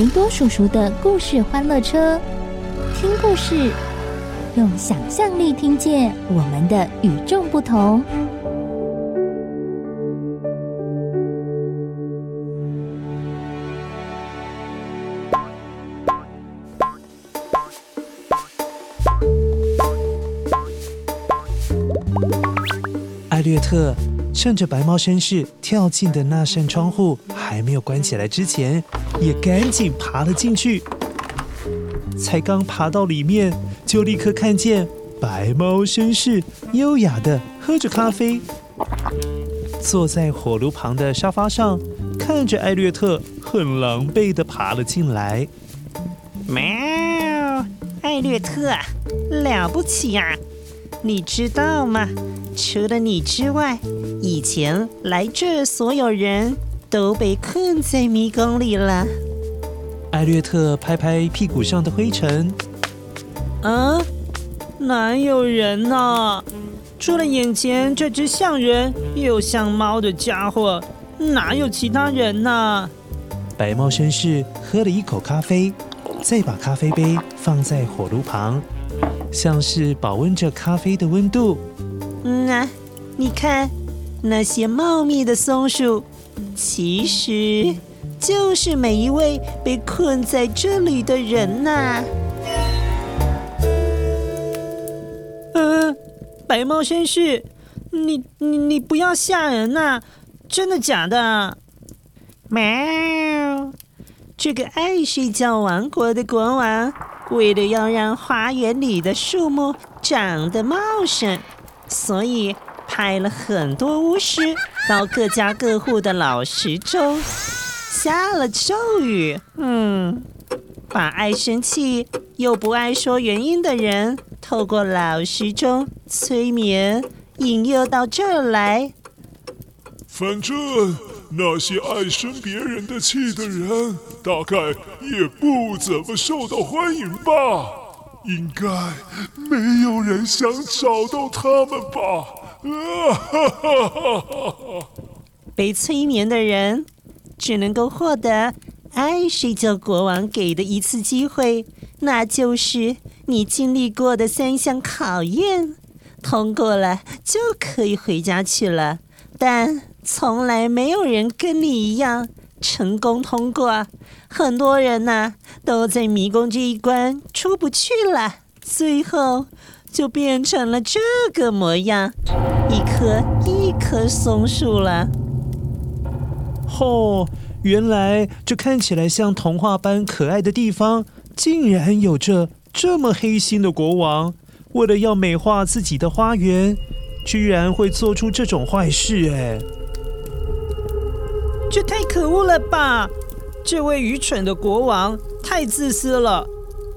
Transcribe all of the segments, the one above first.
維多叔叔的故事，歡樂車，聽故事，用想象力聽見我們的與眾不同。艾略特趁着白貓紳士跳進的那扇窗戶還沒有關起來之前。也趕緊爬了進去，才剛爬到裡面，就立刻看見白貓紳士優雅的喝着咖啡，坐在火爐旁的沙發上，看着艾略特很狼狽的爬了進來。喵，艾略特，了不起啊！你知道嗎？除了你之外，以前來這所有人。都被困在迷宮裡了。艾略特拍拍屁股上的灰塵。啊，哪有人呢？啊？除了眼前這隻像人又像貓的家伙，哪有其他人呢？啊？白貓紳士喝了一口咖啡，再把咖啡杯放在火爐旁，像是保溫着咖啡的溫度。嗯，啊，你看那些茂密的松樹。其實，就是每一位被困在這裡的人吶、啊。嗯、呃，白貓紳士，你你你不要嚇人吶、啊，真的假的？喵，這個愛睡覺王國的國王，為了要讓花園裡的樹木長得茂盛，所以派了很多巫師，到各家各戶的老時鐘下了咒語，嗯，把愛生氣又不愛說原因的人，透過老時鐘催眠引誘到這兒來。反正那些愛生別人的氣的人，大概也不怎麼受到歡迎吧。應該沒有人想找到他們吧。 被催眠的人只能夠獲得愛睡覺國王給的一次機會，那就是你經歷過的三項考驗，通過了就可以回家去了。但從來沒有人跟你一樣成功通過，很多人呢、啊、都在迷宮這一關出不去了，最後。就變成了這個模樣，一棵一棵松樹了。哦，原來這看起來像童話般可愛的地方，竟然有着這麼黑心的國王，為了要美化自己的花園，居然會做出這種壞事，哎，這太可惡了吧！這位愚蠢的國王太自私了。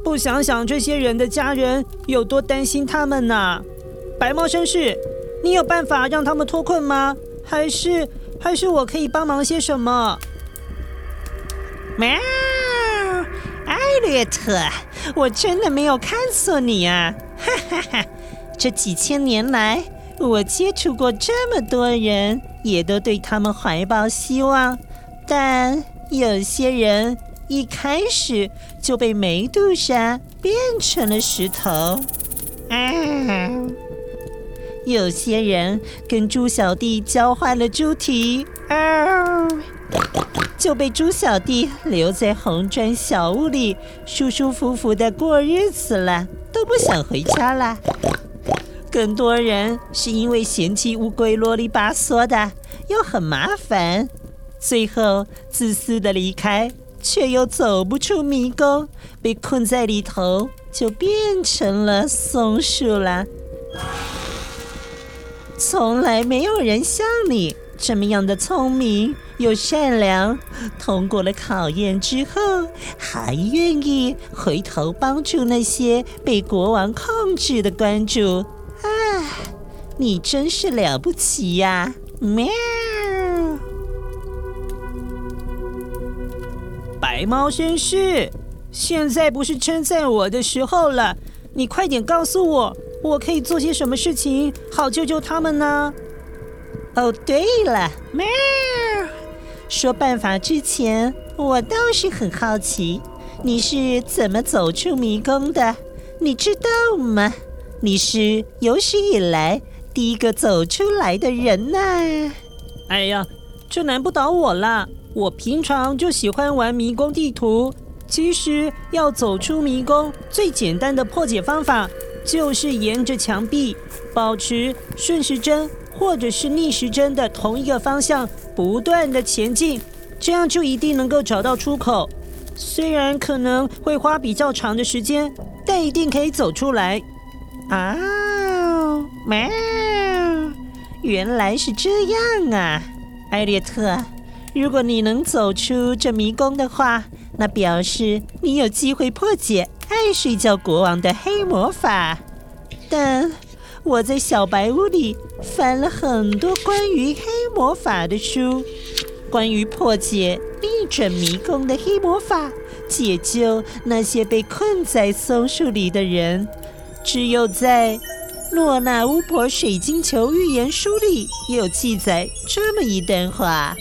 不想想這些人的家人有多擔心他們呢，啊？白貓紳士，你有辦法讓他們脫困嗎？還是還是我可以幫忙些什麼？喵，艾略特，我真的沒有看錯你啊！哈哈哈，這幾千年來，我接觸過這麼多人，也都對他們懷抱希望，但有些人。一開始就被梅杜莎變成了石頭。有些人跟豬小弟交換了豬蹄，就被豬小弟留在紅磚小屋裡，舒舒服服的過日子了，都不想回家了。更多人是因為嫌棄烏龜囉里吧嗦的，又很麻煩，最後自私的離開。卻又走不出迷宮，被困在裡頭，就變成了松鼠了。從來沒有人像你這麼樣的聰明又善良，通過了考驗之後還願意回頭幫助那些被國王控制的公主啊，你真是了不起呀，啊！咩。白貓紳士，現在不是稱讚我的時候了，你快點告訴我，我可以做些什麼事情好救救他們呢？哦，對了，喵！說辦法之前，我倒是很好奇，你是怎麼走出迷宮的？你知道嗎？你是有史以來第一個走出來的人呢！哎呀，這難不倒我了。我平常就喜歡玩迷宮地圖。其實要走出迷宮，最簡單的破解方法就是沿着牆壁，保持順時針或者是逆時針的同一個方向不斷的前進，這樣就一定能夠找到出口。雖然可能會花比較長的時間，但一定可以走出來。啊、喵，原來是這樣啊，艾略特。如果你能走出這迷宮的話，那表示你有機會破解愛睡覺國王的黑魔法。但我在小白屋裡翻了很多關於黑魔法的書，關於破解逆轉迷宮的黑魔法、解救那些被困在松樹裡的人，只有在洛娜巫婆水晶球預言書裡有記載這麼一段話。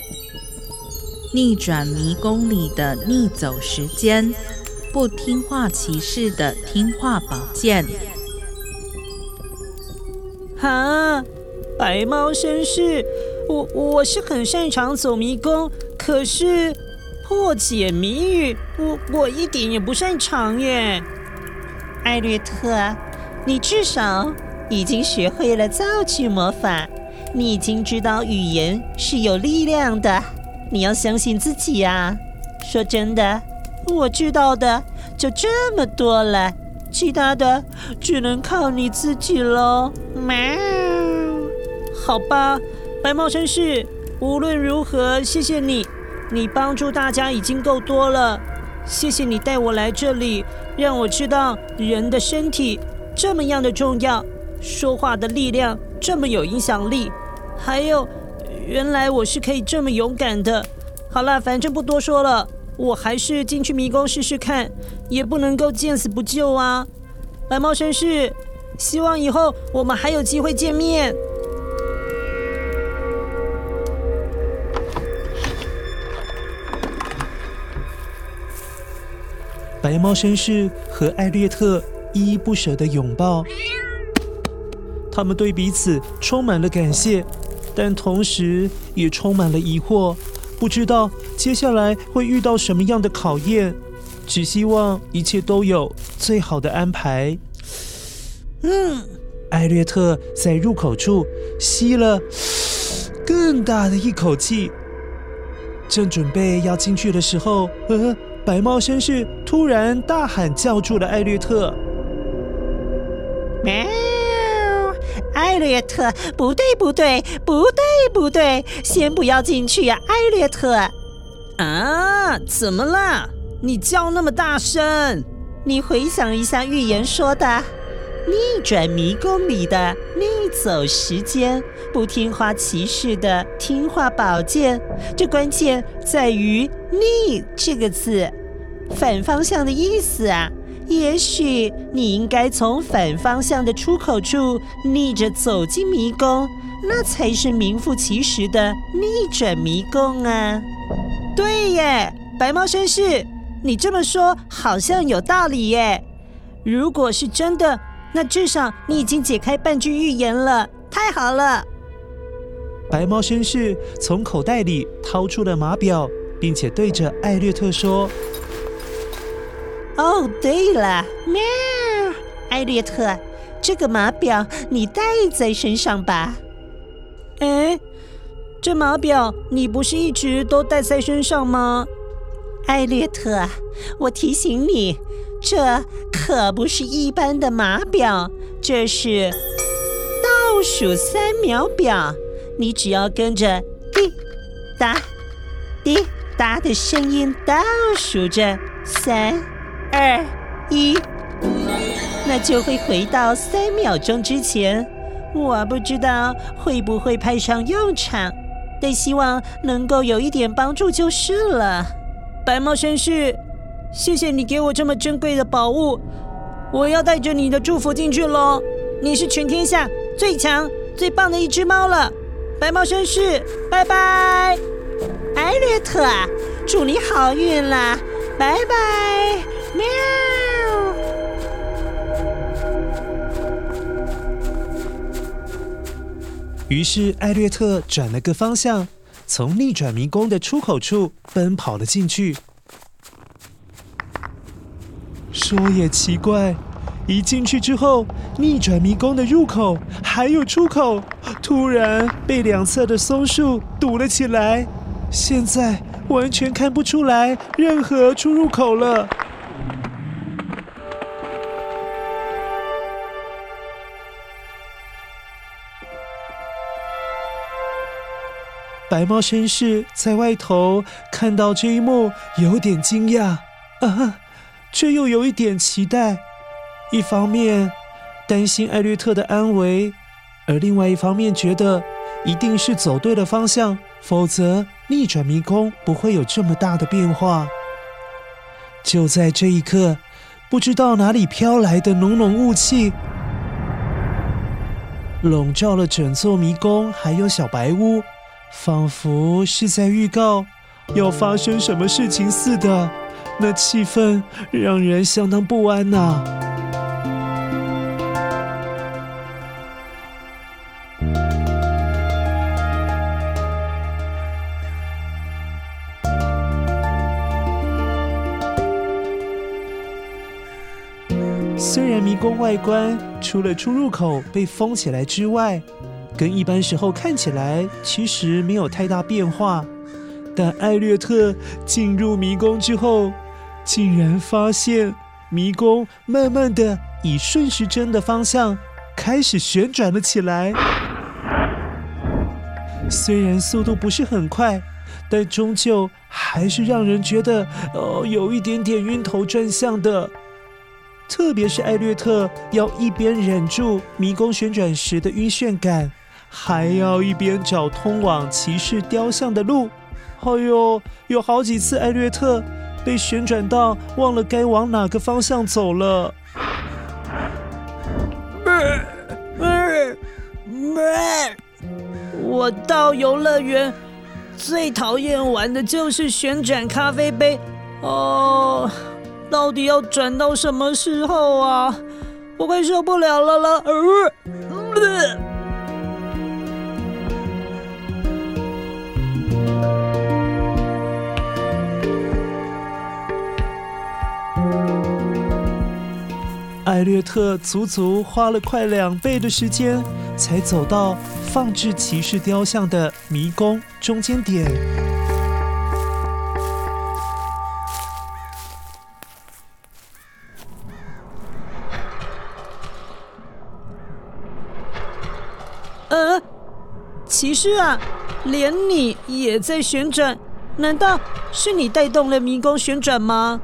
逆轉迷宮裡的逆走時間，不聽話騎士的聽話寶劍。哈、啊，白貓紳士，我我是很擅長走迷宮，可是破解謎語，我我一點也不擅長耶。艾略特，你至少已經學會了造句魔法，你已經知道語言是有力量的。你要相信自己啊！說真的，我知道的就這麼多了，其他的只能靠你自己了。喵，好吧，白貓紳士，無論如何，謝謝你，你幫助大家已經夠多了。謝謝你帶我來這裡，讓我知道人的身體這麼樣的重要，說話的力量這麼有影響力，還有。原來我是可以這麼勇敢的。好啦，反正不多說了，我還是進去迷宮試試看，也不能夠見死不救啊。白貓紳士，希望以後我們還有機會見面。白貓紳士和艾略特依依不捨地擁抱，他們對彼此充滿了感謝。但同時也充滿了疑惑，不知道接下來會遇到什麼樣的考驗，只希望一切都有最好的安排。嗯、呃，艾略特在入口處吸了更大的一口氣，正準備要進去的時候，呃，白貓紳士突然大喊叫住了艾略特。呃艾略特，不對，不對，不對，不對，先不要進去呀，艾略特！啊，怎麼了？你叫那麼大聲？你回想一下預言說的：逆轉迷宮裡的逆走時間，不聽話騎士的聽話寶劍。這關鍵在於“逆”這個字，反方向的意思啊。也許你應該從反方向的出口處逆着走進迷宮，那才是名副其實的逆轉迷宮啊！對耶，白貓紳士，你這麼說好像有道理耶。如果是真的，那至少你已經解開半句預言了，太好了。白貓紳士從口袋裡掏出了碼表，並且對着艾略特說。哦，對了，喵，艾略特，這個碼表你帶在身上吧。哎，這碼表你不是一直都帶在身上嗎？艾略特，我提醒你，這可不是一般的碼表，這是倒數三秒表。你只要跟着“滴答、滴答”的聲音倒數着三。二一，那就會回到三秒鐘之前。我不知道會不會派上用場，但希望能夠有一點幫助就是了。白貓紳士，謝謝你給我這麼珍貴的寶物，我要帶着你的祝福進去嘍！你是全天下最強最棒的一隻貓了，白貓紳士，拜拜。艾略特，祝你好運啦，拜拜。喵！於是艾略特轉了個方向，從逆轉迷宮的出口處奔跑了進去。說也奇怪，一進去之後，逆轉迷宮的入口還有出口，突然被兩側的松樹堵了起來，現在完全看不出來任何出入口了。白貓紳士在外頭看到這一幕，有點驚訝，啊哈，卻又有一點期待。一方面擔心艾略特的安危，而另外一方面覺得一定是走對了方向，否則逆轉迷宮不會有這麼大的變化。就在這一刻，不知道哪裡飄來的濃濃霧氣，籠罩了整座迷宮，還有小白屋。仿佛是在預告要發生什麼事情似的，那氣氛讓人相當不安吶、啊。雖然迷宮外觀除了出入口被封起來之外，跟一般時候看起來其實沒有太大變化，但艾略特進入迷宮之後，竟然發現迷宮慢慢的以順時針的方向開始旋轉了起來。雖然速度不是很快，但終究還是讓人覺得哦，有一點點暈頭轉向的。特別是艾略特要一邊忍住迷宮旋轉時的暈眩感。還要一邊找通往騎士雕像的路，哎、哦、呦，有好幾次艾略特被旋轉到忘了該往哪個方向走了。呃呃呃、我到遊樂園最討厭玩的就是旋轉咖啡杯，哦，到底要轉到什麼時候啊？我快受不了了了。呃呃艾略特足足花了快兩倍的時間，才走到放置騎士雕像的迷宮中間點。呃，騎士啊，連你也在旋轉？難道是你帶動了迷宮旋轉嗎？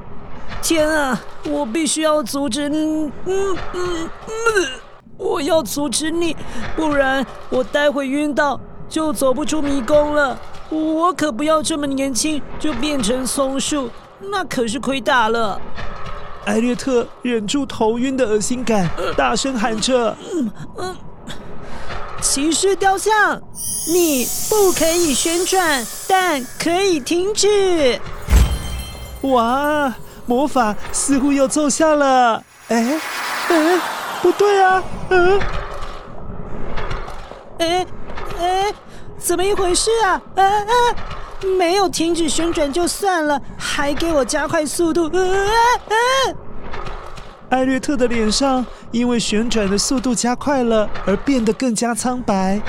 天啊！我必須要阻止，嗯嗯嗯，我要阻止你，不然我待會暈倒就走不出迷宮了。我可不要這麼年輕就變成松樹，那可是虧大了。艾略特忍住頭暈的噁心感，大聲喊着：“嗯，嗯、騎士、嗯嗯、雕像，你不可以旋轉，但可以停止。”哇！魔法似乎又奏效了。哎哎，不對啊！嗯，哎哎，怎麼一回事啊？哎、啊、哎、啊，沒有停止旋轉就算了，還給我加快速度！嗯嗯。艾略特的臉上因為旋轉的速度加快了而變得更加蒼白，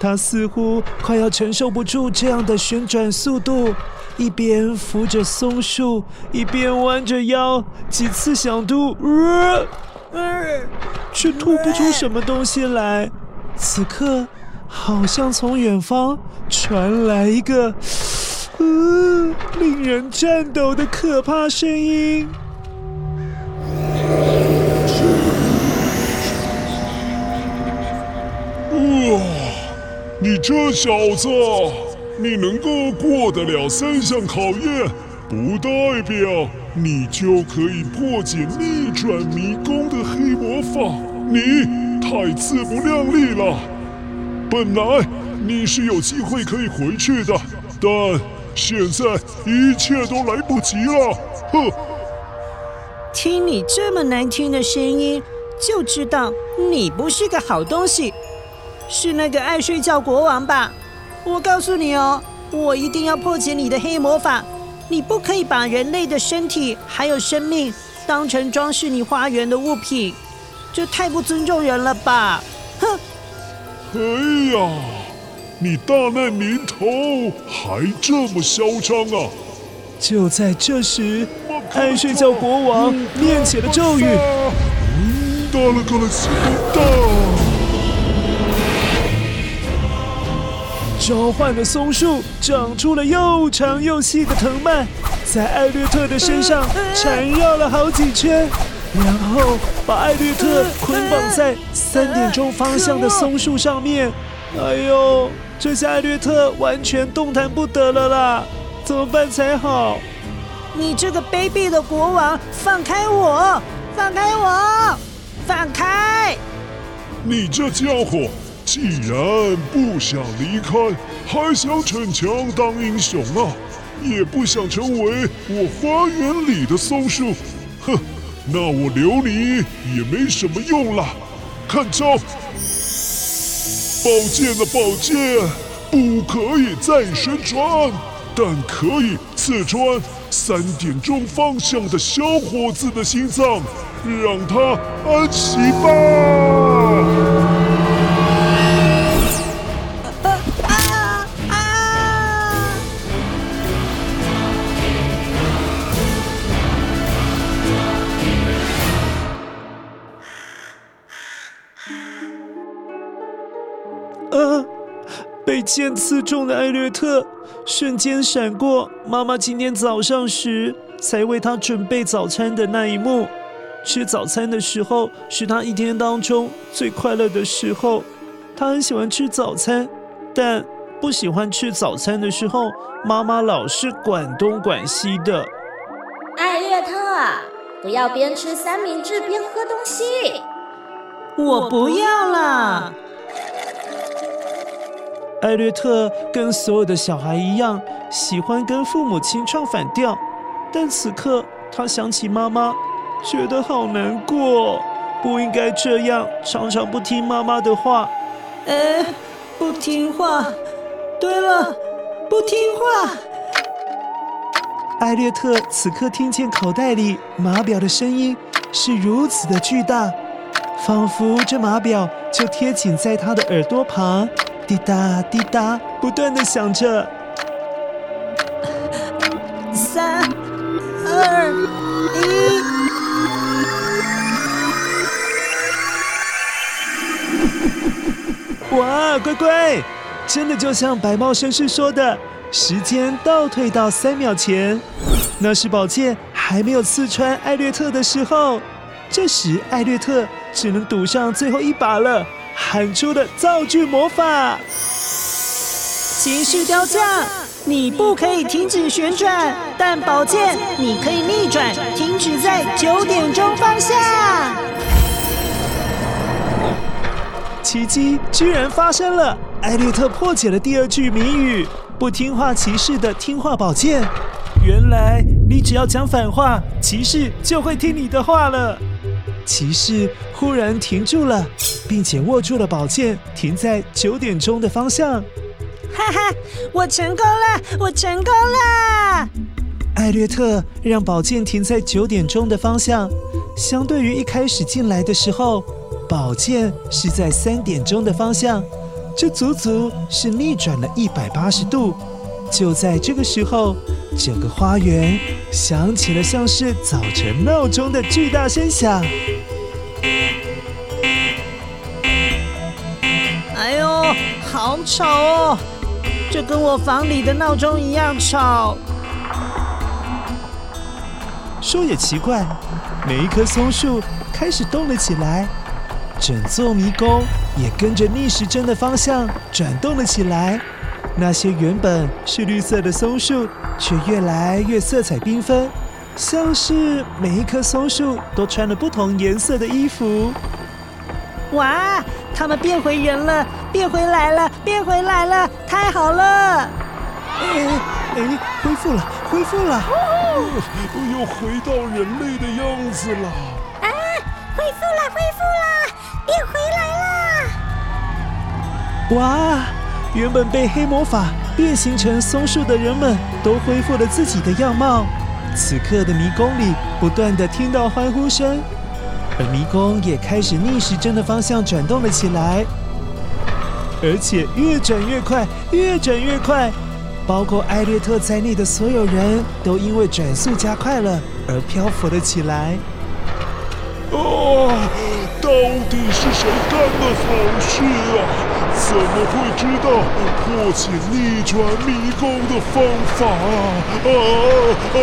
他似乎快要承受不住這樣的旋轉速度。一邊扶着松樹，一邊彎着腰，幾次想吐，呃呃，却吐不出什麼東西來。此刻，好像從遠方傳來一個，呃，令人顫抖的可怕聲音。哇，呃！你這小子！你能夠過得了三項考驗，不代表你就可以破解逆轉迷宮的黑魔法。你太自不量力了。本來你是有機會可以回去的，但現在一切都來不及了。哼！聽你這麼難聽的聲音，就知道你不是個好東西，是那個愛睡覺國王吧？我告訴你哦，我一定要破解你的黑魔法。你不可以把人類的身體還有生命當成裝飾你花園的物品，這太不尊重人了吧？哼！哎呀，你大難臨頭還這麼囂張啊！就在這時，愛睡覺國王念起了咒語。到了，到了，到召喚的松樹長出了又長又細的藤蔓，在艾略特的身上纏繞了好幾圈，然後把艾略特捆綁在三點鐘方向的松樹上面。哎呦，這下艾略特完全動彈不得了啦！怎麼辦才好？你這個卑鄙的國王，放開我！放開我！放開！你這家伙！既然不想離開，還想逞強當英雄啊，也不想成為我花園裡的松樹，哼，那我留你也沒什麼用了。看招！寶劍的寶劍，不可以再旋轉，但可以刺穿三點鐘方向的小夥子的心臟，讓他安息吧。劍刺中的艾略特，瞬間閃過媽媽今天早上時才為他準備早餐的那一幕。吃早餐的時候是他一天當中最快樂的時候，他很喜歡吃早餐，但不喜歡吃早餐的時候媽媽老是管東管西的。艾略特，不要邊吃三明治邊喝東西。我不要了。艾略特跟所有的小孩一樣，喜歡跟父母親唱反調，但此刻他想起媽媽，覺得好難過，不應該這樣，常常不聽媽媽的話。哎，不聽話！對了，不聽話！艾略特此刻聽見口袋裡碼錶的聲音是如此的巨大，仿佛這碼表就貼緊在他的耳朵旁。滴答滴答，不斷的響着。三、二、一。哇，乖乖，真的就像白貓紳士說的，時間倒退到三秒前，那是寶劍還沒有刺穿艾略特的時候。這時，艾略特只能賭上最後一把了。喊出的造句魔法，騎士雕像，你不可以停止旋轉，但寶劍你可以逆轉，停止在九點鐘方向。奇蹟居然發生了，艾略特破解了第二句謎語。不聽話騎士的聽話寶劍，原來你只要講反話，騎士就會聽你的話了。騎士忽然停住了，並且握住了寶劍，停在九點鐘的方向。哈哈，我成功了，我成功了！艾略特讓寶劍停在九點鐘的方向，相對於一開始進來的時候，寶劍是在三點鐘的方向，這足足是逆轉了一百八十度。就在這個時候。整個花園響起了像是早晨鬧鐘的巨大聲響。哎呦，好吵哦！這跟我房裡的鬧鐘一樣吵。說也奇怪，每一棵松樹開始動了起來，整座迷宮也跟着逆時針的方向轉動了起來。那些原本是綠色的松樹，卻越來越色彩繽紛，像是每一棵松樹都穿了不同顏色的衣服。哇！它們變回人了，變回來了，變回來了，太好了！哎，哎，恢復了，恢復了！我、哦、又回到人類的樣子了。啊！恢復了，恢復了，變回來了！哇！原本被黑魔法變形成松樹的人們都恢復了自己的樣貌。此刻的迷宮裡不斷的聽到歡呼聲，而迷宮也開始逆時針的方向轉動了起來，而且越轉越快，越轉越快。包括艾略特在內的所有人都因為轉速加快了而漂浮了起來。啊、哦！到底是誰幹的好事啊？怎麼會知道破解逆轉迷宮的方法啊啊,啊！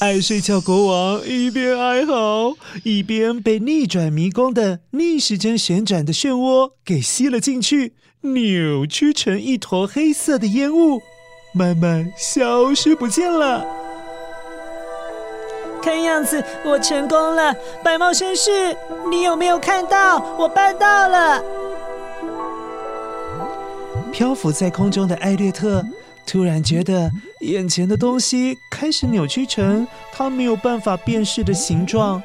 愛睡覺國王一邊哀嚎，一邊被逆轉迷宮的逆時針旋轉的漩渦給吸了進去，扭曲成一坨黑色的煙霧，慢慢消失不見了。看樣子我成功了，白貓紳士，你有沒有看到？我辦到了。漂浮在空中的艾略特突然覺得眼前的東西開始扭曲成他沒有辦法辨識的形狀，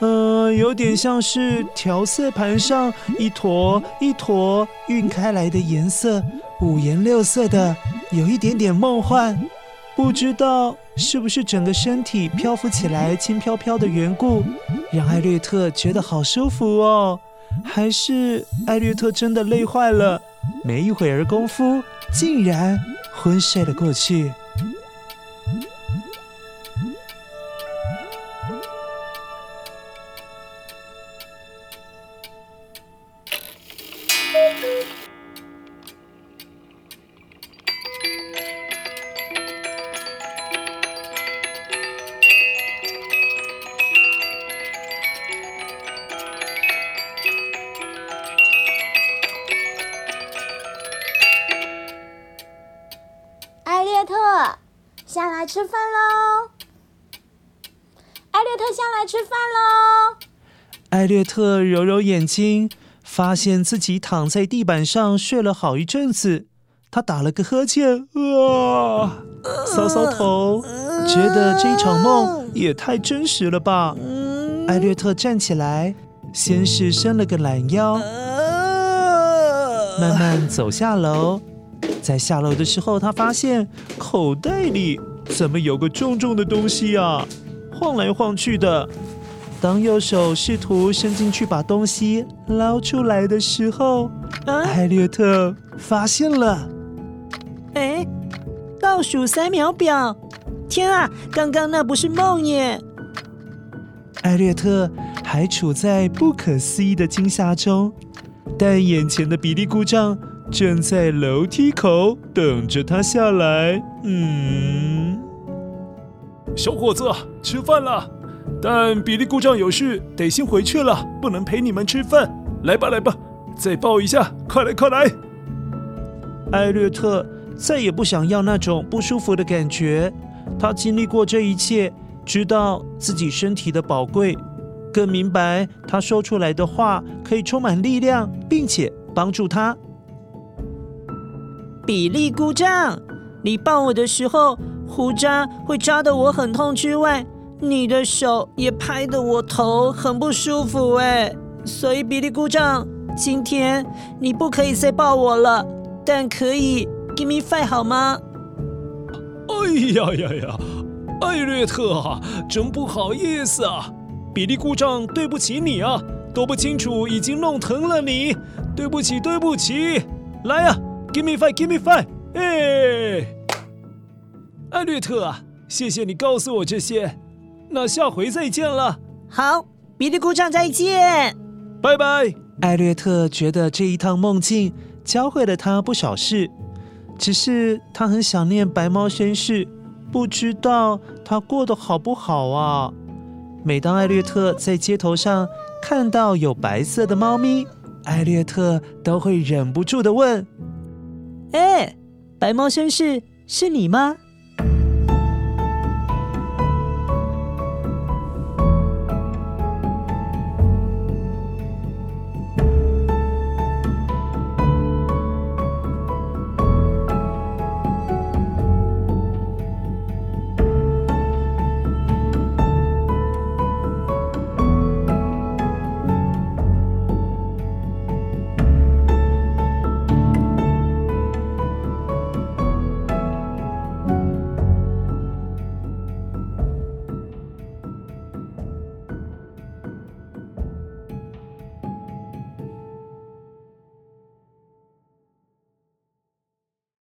嗯、呃，有點像是調色盤上一坨一坨暈開來的顏色，五顏六色的，有一點點夢幻。不知道是不是整個身體漂浮起來輕飄飄的緣故，讓艾略特覺得好舒服哦。還是艾略特真的累壞了，沒一會兒功夫，竟然昏睡了過去。下來吃飯嘍，艾略特下來吃飯嘍。艾略特揉揉眼睛，發現自己躺在地板上睡了好一陣子。他打了個呵欠，啊，搔搔頭，覺得這一場夢也太真實了吧。艾略特站起來，先是伸了個懶腰，慢慢走下樓。在下樓的時候，他發現口袋裡怎麼有個重重的東西啊，晃來晃去的。當右手試圖伸進去把東西撈出來的時候，艾、啊、略特發現了。哎，倒數三秒錶！天啊，剛剛那不是夢耶！艾略特還處在不可思議的驚嚇中，但眼前的比利姑丈。正在樓梯口等着他下來。嗯，小夥子，吃飯了。但比利姑丈有事，得先回去了，不能陪你們吃飯。來吧，來吧，再抱一下，快來，快來！艾略特再也不想要那種不舒服的感覺。他經歷過這一切，知道自己身體的寶貴，更明白他說出來的話可以充滿力量，並且幫助他。比利姑丈，你抱我的時候，鬍渣會扎得我很痛之外，你的手也拍得我頭很不舒服哎，所以比利姑丈，今天你不可以再抱我了，但可以 give me five 好嗎？哎呀呀呀，艾略特、啊、真不好意思啊，比利姑丈，對不起你啊，都不清楚已經弄疼了你，對不起對不起，來呀、啊。Give me five, give me five！哎、hey，艾略特啊，謝謝你告訴我這些，那下回再見了。好，比利姑丈再見。拜拜。艾略特覺得這一趟夢境教會了他不少事，只是他很想念白貓紳士，不知道他過得好不好啊。每當艾略特在街頭上看到有白色的貓咪，艾略特都會忍不住的問。哎、欸，白貓紳士是你嗎？